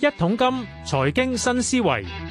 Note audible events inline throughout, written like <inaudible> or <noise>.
一桶金，財經新思維。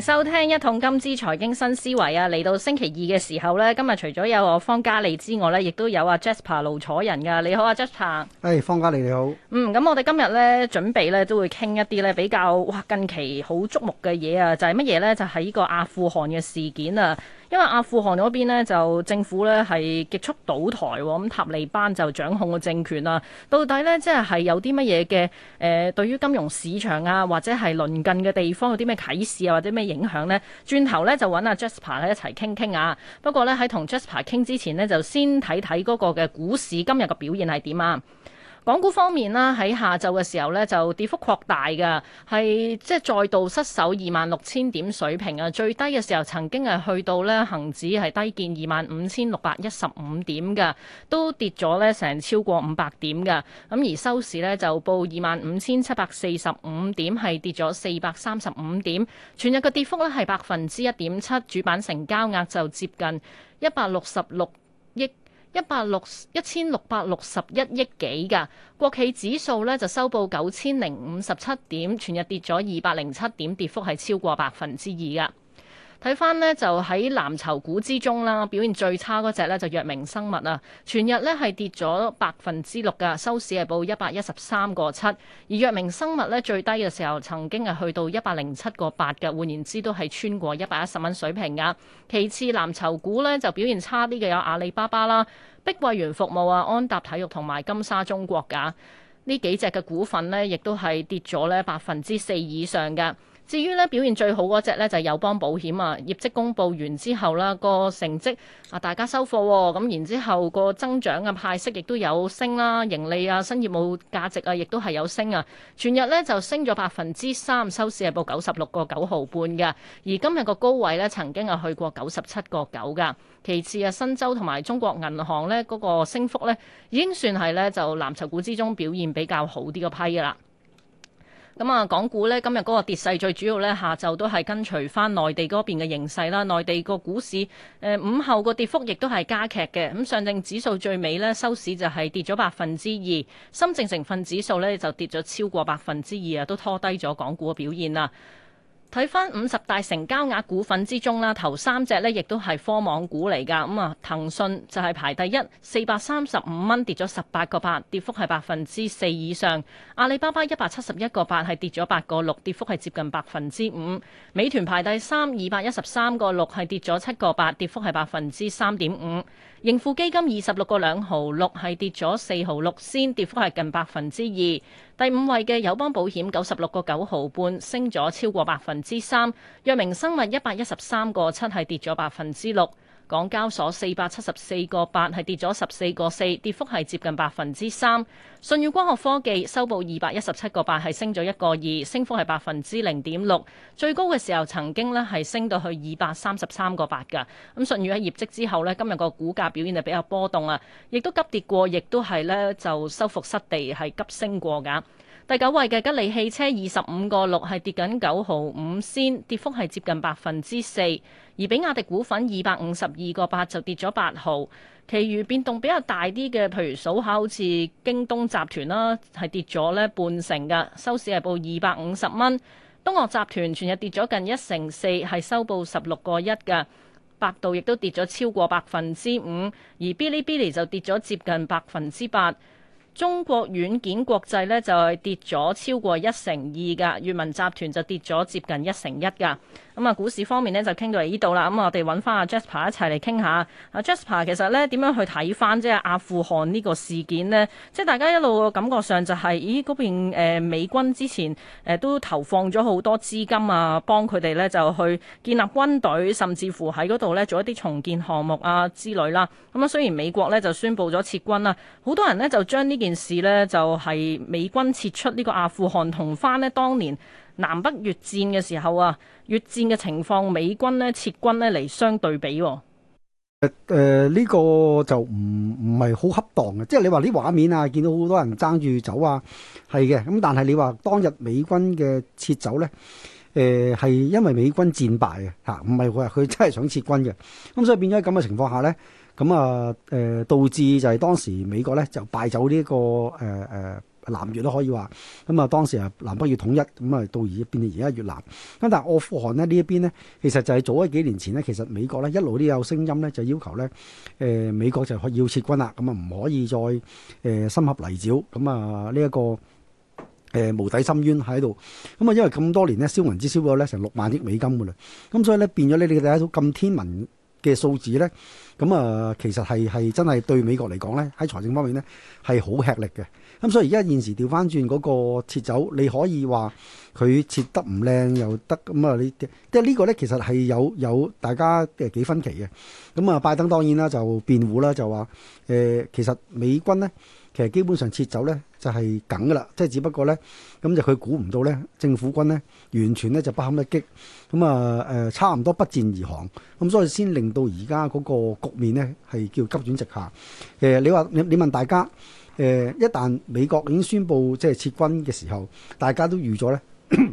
收聽一桶金之財經新思維啊！嚟到星期二嘅時候咧，今日除咗有我方嘉麗之外咧，亦都有阿 Jasper 盧楚仁噶。你好，阿 Jasper。誒，方嘉麗你好。嗯，咁我哋今日咧準備咧都會傾一啲咧比較哇近期好矚目嘅嘢啊，就係乜嘢呢？就係呢個阿富汗嘅事件啊。因為阿富汗嗰邊呢，就政府呢係極速倒台，咁塔利班就掌控個政權啦。到底呢，即係係有啲乜嘢嘅誒，對於金融市場啊或者係鄰近嘅地方有啲咩啟示啊或者咩影響呢？轉頭呢，就揾阿、啊、Jasper 呢一齊傾傾啊。不過呢，喺同 Jasper 傾之前呢，就先睇睇嗰個嘅股市今日嘅表現係點啊。港股方面啦，喺下晝嘅時候咧，就跌幅擴大嘅，係即係再度失守二萬六千點水平啊！最低嘅時候曾經係去到咧恆指係低見二萬五千六百一十五點嘅，都跌咗咧成超過五百點嘅。咁而收市咧就報二萬五千七百四十五點，係跌咗四百三十五點，全日嘅跌幅咧係百分之一點七，主板成交額就接近一百六十六億。一百六一千六百六十一億幾嘅，國企指數呢就收報九千零五十七點，全日跌咗二百零七點，跌幅係超過百分之二嘅。睇翻呢，就喺藍籌股之中啦，表現最差嗰隻呢，就藥明生物啊，全日呢，係跌咗百分之六噶，收市係報一百一十三個七。而藥明生物呢，最低嘅時候曾經係去到一百零七個八嘅，換言之都係穿過一百一十蚊水平噶。其次藍籌股呢，就表現差啲嘅有阿里巴巴啦、碧桂園服務啊、安踏體育同埋金沙中國㗎，呢幾隻嘅股份呢，亦都係跌咗呢百分之四以上嘅。至於咧表現最好嗰隻咧就係友邦保險啊，業績公布完之後啦，個成績啊大家收貨喎，咁然之後個增長嘅派息亦都有升啦，盈利啊新業務價值啊亦都係有升啊，全日咧就升咗百分之三，收市係報九十六個九毫半㗎，而今日個高位咧曾經係去過九十七個九噶。其次啊，新洲同埋中國銀行咧嗰個升幅咧已經算係咧就藍籌股之中表現比較好啲個批噶啦。咁啊，港股呢今日嗰個跌勢最主要呢，下晝都係跟隨翻內地嗰邊嘅形勢啦。內地個股市、呃、午後個跌幅亦都係加劇嘅。咁、嗯、上證指數最尾呢收市就係跌咗百分之二，深證成分指數呢就跌咗超過百分之二啊，都拖低咗港股嘅表現啦。睇翻五十大成交額股份之中啦，頭三隻呢亦都係科網股嚟㗎。咁、嗯、啊，騰訊就係排第一，四百三十五蚊跌咗十八個八，跌幅係百分之四以上。阿里巴巴一百七十一個八係跌咗八個六，跌幅係接近百分之五。美團排第三，二百一十三個六係跌咗七個八，跌幅係百分之三點五。盈富基金二十六個兩毫六係跌咗四毫六先，跌幅係近百分之二。第五位嘅友邦保險九十六個九毫半，升咗超過百分之三。藥明生物一百一十三個七，係跌咗百分之六。港交所四百七十四個八係跌咗十四個四，跌幅係接近百分之三。舜宇光學科技收報二百一十七個八係升咗一個二，升幅係百分之零點六。最高嘅時候曾經咧係升到去二百三十三個八噶。咁舜宇喺業績之後咧，今日個股價表現係比較波動啊，亦都急跌過，亦都係咧就收復失地係急升過噶。第九位嘅吉利汽車二十五個六係跌緊九毫五仙，跌幅係接近百分之四。而比亞迪股份二百五十二個八就跌咗八毫，其餘變動比較大啲嘅，譬如數下好似京東集團啦，係跌咗咧半成㗎，收市係報二百五十蚊。東岳集團全日跌咗近一成四，係收報十六個一㗎，百度亦都跌咗超過百分之五，而 Bilibili 就跌咗接近百分之八。中國軟件國際呢就係、是、跌咗超過一成二㗎，閱文集團就跌咗接近一成一㗎。咁、嗯、啊，股市方面呢就傾到嚟呢度啦。咁、嗯、我哋揾翻阿 Jasper 一齊嚟傾下。阿、啊、Jasper 其實呢點樣去睇翻即係阿富汗呢個事件呢？即係大家一路嘅感覺上就係、是，咦嗰邊、呃、美軍之前誒、呃、都投放咗好多資金啊，幫佢哋呢就去建立軍隊，甚至乎喺嗰度呢做一啲重建項目啊之類啦。咁、嗯、啊，雖然美國呢就宣布咗撤軍啦、啊，好多人呢就將呢件件事呢，就係美軍撤出呢個阿富汗同翻呢當年南北越戰嘅時候啊，越戰嘅情況美軍呢撤軍呢嚟，相對比，誒呢、呃，這個就唔唔係好恰當嘅，即係你話啲畫面啊見到好多人爭住走啊係嘅，咁但係你話當日美軍嘅撤走呢，誒、呃、係因為美軍戰敗啊。吓，唔係話佢真係想撤軍嘅，咁所以變咗喺咁嘅情況下呢。咁啊，誒、嗯、導致就係當時美國咧就敗走呢、這個誒誒、呃呃、南越都可以話，咁、嗯、啊當時啊南北越統一，咁、嗯、啊到而變到而家越南。咁但係阿富汗呢，呢一邊咧，其實就係早喺幾年前咧，其實美國咧一路都有聲音咧，就要求咧誒、呃、美國就係要撤軍啦，咁啊唔可以再誒、呃、深陷泥沼，咁、嗯、啊呢一、這個誒、呃、無底深淵喺度。咁、嗯、啊因為咁多年咧，燒銀紙燒咗咧成六萬億美金嘅嘞，咁、嗯、所以咧變咗你哋第一種咁天文，嘅數字呢，咁啊，其實係係真係對美國嚟講呢，喺財政方面呢，係好吃力嘅。咁、嗯、所以而家現時掉返轉嗰個撤走，你可以話佢撤得唔靚又得，咁、嗯、啊，你即係呢個呢，其實係有有大家嘅幾分歧嘅。咁、嗯、啊，拜登當然啦就辯護啦，就話誒、呃，其實美軍呢。其實基本上撤走咧就係梗㗎喇，即係只不過咧咁、嗯、就佢估唔到咧政府軍咧完全咧就不堪一擊，咁啊誒差唔多不戰而降，咁、嗯、所以先令到而家嗰個局面咧係叫急轉直下。誒你話你你問大家誒、呃、一旦美國已經宣布即係撤軍嘅時候，大家都預咗咧？ <coughs>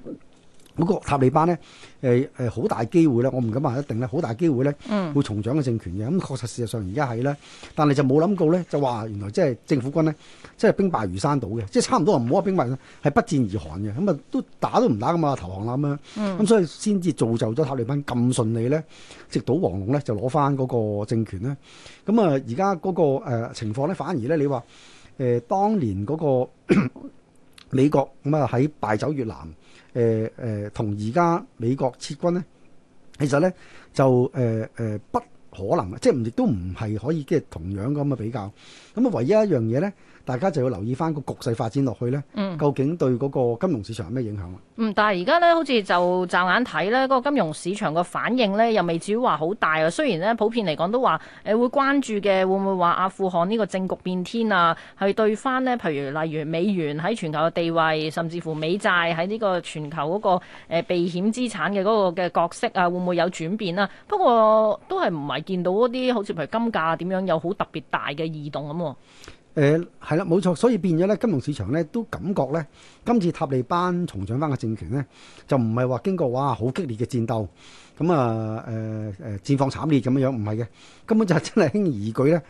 嗰個塔利班咧，誒誒好大機會咧，我唔敢話一定咧，好大機會咧會重掌個政權嘅。咁、嗯嗯嗯嗯、確實事實上而家係咧，但係就冇諗過咧，就話原來即係政府軍咧，即、就、係、是、兵敗如山倒嘅，即係差唔多唔好話兵敗，係不戰而降嘅。咁、嗯、啊，都打都唔打噶嘛，投降啦咁樣。咁、嗯嗯、所以先至造就咗塔利班咁順利咧，直搗黃龍咧就攞翻嗰個政權咧。咁、嗯、啊，而家嗰個、呃、情況咧，反而咧，你話誒當年嗰、那個美 <coughs> 國咁啊，喺、呃、敗走越南，南。誒誒，同而家美國撤軍咧，其實咧就誒誒、呃呃，不可能，即係亦都唔係可以即係同樣咁嘅比較。咁啊，唯一一樣嘢咧。大家就要留意翻個局勢發展落去呢，嗯、究竟對嗰個金融市場有咩影響嗯，但係而家呢，好似就驟眼睇呢嗰、嗰個金融市場個反應呢，又未至於話好大啊。雖然呢，普遍嚟講都話誒、呃、會關注嘅，會唔會話阿富汗呢個政局變天啊？係對翻呢，譬如例如美元喺全球嘅地位，甚至乎美債喺呢個全球嗰個避險資產嘅嗰個嘅角色啊，會唔會有轉變啊？不過都係唔係見到嗰啲好似譬如金價點樣有好特別大嘅異動咁、啊？誒係啦，嗯，冇錯，所以變咗咧，金融市場咧都感覺咧，今次塔利班重掌翻個政權咧，就唔係話經過哇好激烈嘅戰鬥，咁啊誒誒戰況慘烈咁樣樣，唔係嘅，根本就係真係輕而易舉咧。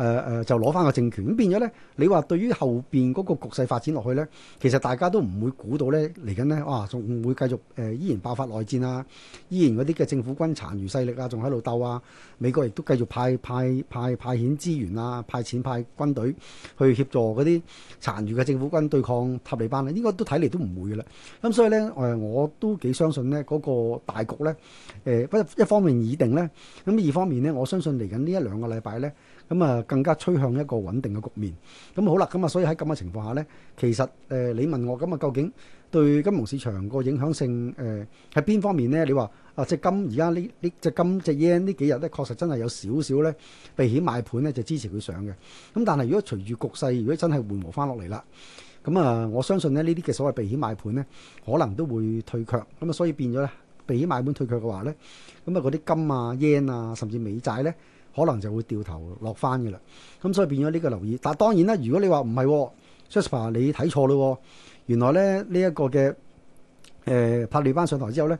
誒誒、呃、就攞翻個政權咁變咗咧。你話對於後邊嗰個局勢發展落去咧，其實大家都唔會估到咧嚟緊咧哇，仲、啊、會繼續誒、呃、依然爆發內戰啊，依然嗰啲嘅政府軍殘餘勢力啊，仲喺度鬥啊。美國亦都繼續派派派派遣資源啊，派錢派軍隊去協助嗰啲殘餘嘅政府軍對抗塔利班咧。應該都睇嚟都唔會噶啦。咁所以咧誒、呃，我都幾相信咧嗰、那個大局咧誒。不過、呃、一方面已定咧，咁二方面咧，我相信嚟緊呢一兩個禮拜咧。咁啊，更加趨向一個穩定嘅局面。咁好啦，咁啊，所以喺咁嘅情況下呢，其實誒，你、呃呃、問我咁啊，究竟對金融市場個影響性誒，喺、呃、邊方面呢？你話啊，即金而家呢呢即金即係 yen 呢幾日呢，確實真係有少少呢避險買盤呢，就支持佢上嘅。咁但係如果隨住局勢，如果真係緩和翻落嚟啦，咁啊、呃，我相信呢呢啲嘅所謂避險買盤呢，可能都會退卻。咁啊，所以變咗呢避險買盤退卻嘅話呢，咁啊嗰啲金啊 yen 啊，甚至美債呢。呢可能就會掉頭落翻嘅啦，咁所以變咗呢個留意。但係當然啦，如果你話唔係 Jasper 你睇錯啦喎、哦，原來咧呢一、呢個嘅誒塔利班上台之後咧。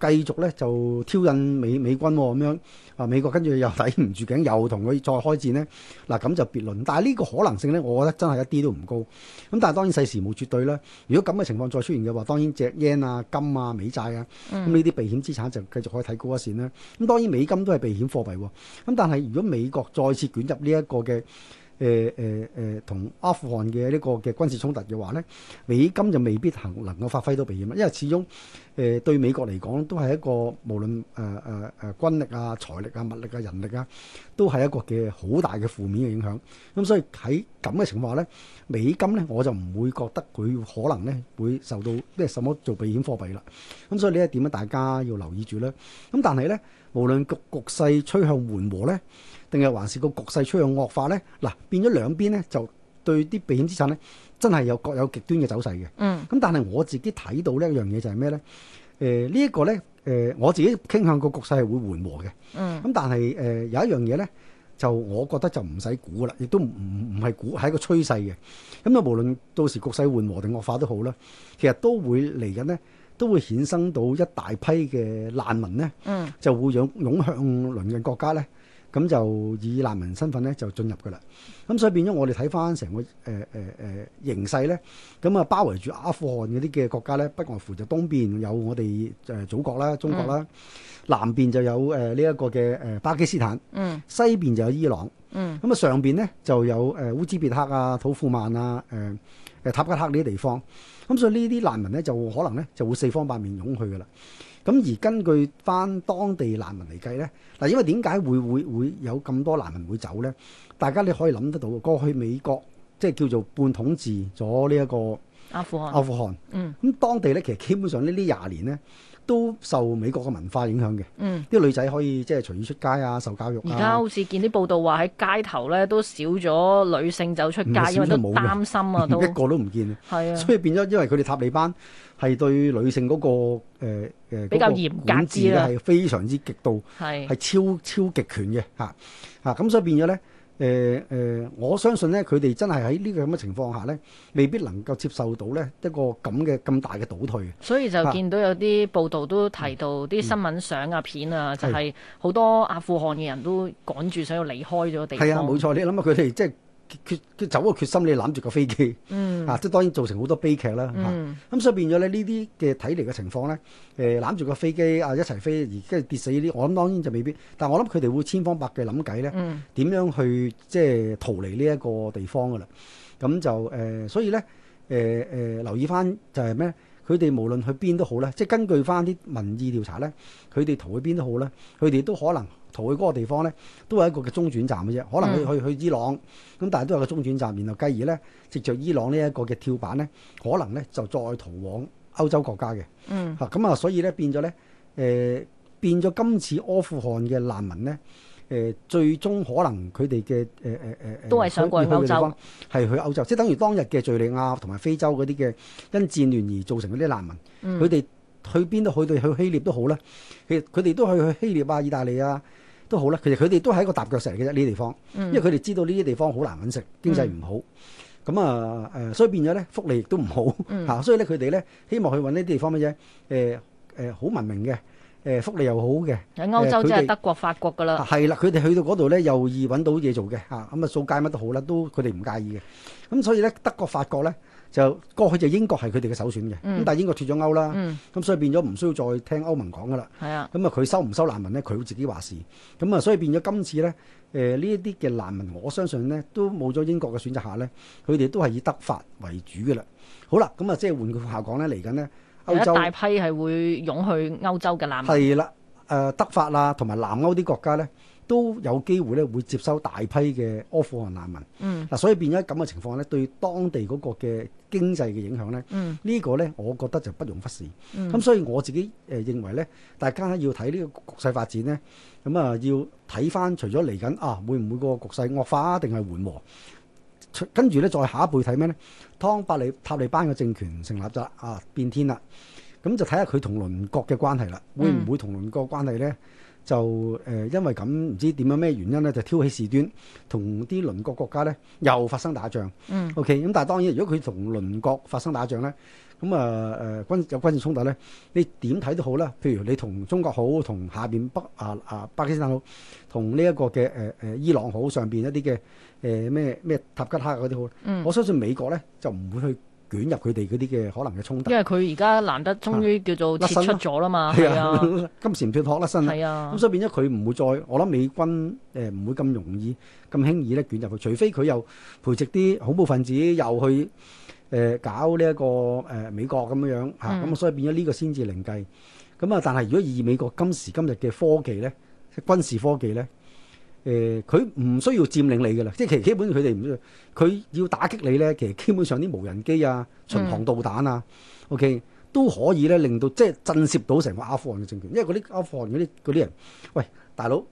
繼續咧就挑釁美美軍喎、哦，咁樣啊美國跟住又抵唔住頸，又同佢再開戰呢。嗱、啊、咁就別論。但係呢個可能性呢，我覺得真係一啲都唔高。咁但係當然世事無絕對啦。如果咁嘅情況再出現嘅話，當然隻 yen 啊、金啊、美債啊，咁呢啲避險資產就繼續可以睇高一線啦。咁當然美金都係避險貨幣喎、哦。咁但係如果美國再次捲入呢一個嘅，誒誒誒，同、呃呃、阿富汗嘅呢個嘅軍事衝突嘅話咧，美金就未必行能夠發揮到避險啦，因為始終誒、呃、對美國嚟講都係一個無論誒誒誒軍力啊、財力啊、物力啊、人力啊，都係一個嘅好大嘅負面嘅影響。咁所以喺咁嘅情況下咧，美金咧我就唔會覺得佢可能咧會受到咩什麼做避險貨幣啦。咁所以呢一點咧，大家要留意住啦。咁但係咧，無論局局勢趨向緩和咧，定係還是個局勢趨向惡化咧？嗱，變咗兩邊咧，就對啲避險資產咧，真係有各有極端嘅走勢嘅。嗯。咁但係我自己睇到一呢一樣嘢就係咩咧？誒、呃這個、呢一個咧，誒、呃、我自己傾向個局勢係會緩和嘅。嗯。咁但係誒、呃、有一樣嘢咧，就我覺得就唔使估噶啦，亦都唔唔係估係一個趨勢嘅。咁、嗯、啊，無論到時局勢緩和定惡化都好啦，其實都會嚟緊咧，都會衍生到一大批嘅難民咧，嗯、就會擁擁向鄰近國家咧。咁就以難民身份咧就進入噶啦，咁所以變咗我哋睇翻成個誒誒誒形勢咧，咁啊包圍住阿富汗嗰啲嘅國家咧，不外乎就東邊有我哋誒祖國啦、中國啦，嗯、南邊就有誒呢一個嘅誒巴基斯坦，嗯、西邊就有伊朗，咁啊、嗯、上邊咧就有誒烏茲別克啊、土庫曼啊、誒、呃、誒塔吉克呢啲地方，咁所以呢啲難民咧就可能咧就會四方八面湧去噶啦。咁而根據翻當地難民嚟計呢，嗱，因為點解會會會有咁多難民會走呢？大家你可以諗得到嘅，過去美國即係叫做半統治咗呢一個。阿富汗，阿富汗，嗯，咁當地咧，其實基本上呢呢廿年咧都受美國嘅文化影響嘅，嗯，啲女仔可以即係隨意出街啊，受教育。而家好似見啲報道話喺街頭咧都少咗女性走出街，因為都擔心啊，都一個都唔見啊，係啊，所以變咗因為佢哋塔利班係對女性嗰個誒誒比較嚴格啦，係非常之極度係係超超極權嘅嚇嚇，咁所以變咗咧。誒誒、呃呃，我相信咧，佢哋真係喺呢個咁嘅情況下咧，未必能夠接受到咧一個咁嘅咁大嘅倒退。所以就見到有啲報道都提到啲新聞相片啊、嗯、片啊，就係、是、好多阿富汗嘅人都趕住想要離開咗地方。係啊，冇錯，你諗下佢哋即係。決佢走嗰個決心，你攬住個飛機，嗯、啊，即係當然造成好多悲劇啦。咁、嗯啊嗯、所以變咗咧，呢啲嘅睇嚟嘅情況咧，誒攬住個飛機啊一齊飛而即係跌死呢啲，我諗當然就未必，但我諗佢哋會千方百計諗計咧，點樣去、呃嗯、即係逃離呢一個地方噶啦。咁就誒，所以咧誒誒留意翻就係咩？佢哋無論去邊都好啦，即係根據翻啲民意調查咧，佢哋逃去邊都好啦，佢哋都可能。逃去嗰個地方咧，都係一個嘅中轉站嘅啫。可能去、嗯、去去伊朗咁，但係都有個中轉站，然後繼而咧，藉着伊朗呢一個嘅跳板咧，可能咧就再逃往歐洲國家嘅。嗯，嚇咁啊，所以咧變咗咧，誒、呃、變咗今次阿富汗嘅難民咧，誒、呃、最終可能佢哋嘅誒誒誒誒都係想過去歐洲，係去，去歐洲，嗯、即係等於當日嘅敍利亞同埋非洲嗰啲嘅因戰亂而造成嗰啲難民，佢哋、嗯、去邊度去到去希臘都好啦。其佢哋都去去希臘啊、意大利啊。都好啦，其實佢哋都係一個踏腳石嚟嘅啫，呢啲地方，因為佢哋知道呢啲地方好難揾食，經濟唔好，咁啊誒，所以變咗咧福利亦都唔好嚇，所以咧佢哋咧希望去揾呢啲地方嘅啫，誒誒，好文明嘅，誒福利又好嘅，喺歐洲即係德國、法國㗎啦。係啦，佢哋去到嗰度咧又易揾到嘢做嘅嚇，咁啊掃街乜都好啦，都佢哋唔介意嘅。咁所以咧德國、法國咧。就過去就英國係佢哋嘅首選嘅，咁、嗯、但係英國脫咗歐啦，咁、嗯、所以變咗唔需要再聽歐盟講噶啦。係啊的，咁啊佢收唔收難民咧？佢會自己話事咁啊，所以變咗今次咧，誒呢一啲嘅難民，我相信咧都冇咗英國嘅選擇下咧，佢哋都係以德法為主噶、呃、啦。好啦，咁啊即係換句話講咧，嚟緊咧歐洲大批係會湧去歐洲嘅難民係啦，誒德法啊，同埋南歐啲國家咧。都有機會咧，會接收大批嘅阿富汗難民。嗱、嗯啊，所以變咗咁嘅情況咧，對當地嗰個嘅經濟嘅影響咧，嗯、個呢個咧，我覺得就不容忽視。咁、嗯、所以我自己誒、呃、認為咧，大家要睇呢個局勢發展咧，咁、嗯、啊要睇翻除咗嚟緊啊，會唔會個局勢惡化啊，定係緩和、啊？跟住咧，再下一輩睇咩咧？湯巴利塔利班嘅政權成立咗啊，變天啦！咁就睇下佢同鄰國嘅關係啦，會唔會同鄰國關係咧？嗯會就誒、呃，因為咁唔知點樣咩原因咧，就挑起事端，同啲鄰國國家咧又發生打仗。嗯，OK，咁、嗯、但係當然，如果佢同鄰國發生打仗咧，咁啊誒軍有軍事衝突咧，你點睇都好啦。譬如你同中國好，同下邊北啊啊、啊巴基斯坦好，同呢一個嘅誒誒伊朗好，上邊一啲嘅誒咩咩塔吉克嗰啲好。嗯、我相信美國咧就唔會去。捲入佢哋嗰啲嘅可能嘅衝突，因為佢而家難得終於叫做撤出咗啦嘛，係啊的，金蟬脱殼甩身啦，係啊的，咁所以變咗佢唔會再我諗美軍誒唔會咁容易咁輕易咧捲入去，除非佢又培植啲恐怖分子又去誒、呃、搞呢一個誒美國咁樣樣嚇咁啊，所以變咗呢個先至靈計咁啊。嗯、但係如果以美國今時今日嘅科技咧，即係軍事科技咧。誒，佢唔需要佔領你噶啦，即係其實基本佢哋唔，需要。佢要打擊你咧，其實基本上啲無人機啊、巡航導彈啊，OK 都可以咧，令到即係震懾到成個阿富汗嘅政權，因為嗰啲阿富汗嗰啲啲人，喂，大佬，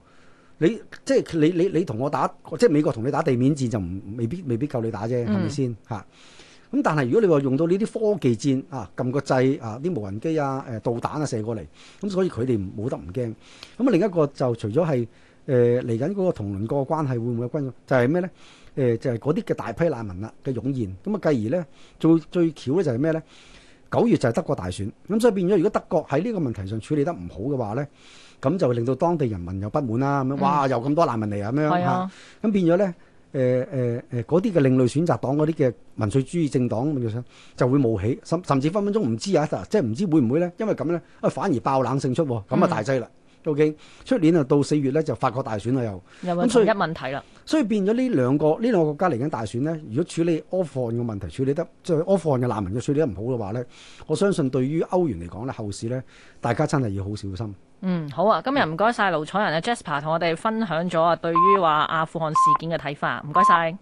你即係你你你同我打，即係美國同你打地面戰就唔未必未必夠你打啫，係咪先？吓，咁但係如果你話用到呢啲科技戰啊，撳個掣啊，啲無人機啊、誒導彈啊射過嚟，咁所以佢哋冇得唔驚。咁啊，另一個就除咗係。誒嚟緊嗰個同鄰國嘅關係會唔會有關就係咩咧？誒、呃、就係嗰啲嘅大批難民啦嘅湧現，咁、嗯、啊繼而咧最最巧咧就係咩咧？九月就係德國大選，咁、嗯、所以變咗如果德國喺呢個問題上處理得唔好嘅話咧，咁就會令到當地人民又不滿啦，咁啊哇又咁多難民嚟啊，咁樣嚇，咁、嗯嗯、變咗咧誒誒誒嗰啲嘅另類選擇黨嗰啲嘅民粹主義政黨，啊、就想會冒起，甚甚至分分鐘唔知有即係唔知會唔會咧，因為咁咧啊反而爆冷勝出，咁啊大劑啦。嗯。究竟出年啊到四月咧就法國大選啦又咁出一問題啦，所以變咗呢兩個呢兩個國家嚟緊大選咧，如果處理阿富汗嘅問題處理得即係阿富汗嘅難民嘅處理得唔好嘅話咧，我相信對於歐元嚟講咧後市咧大家真係要好小心。嗯，好啊，今日唔該晒盧楚仁啊 Jasper 同我哋分享咗啊對於話阿富汗事件嘅睇法，唔該晒。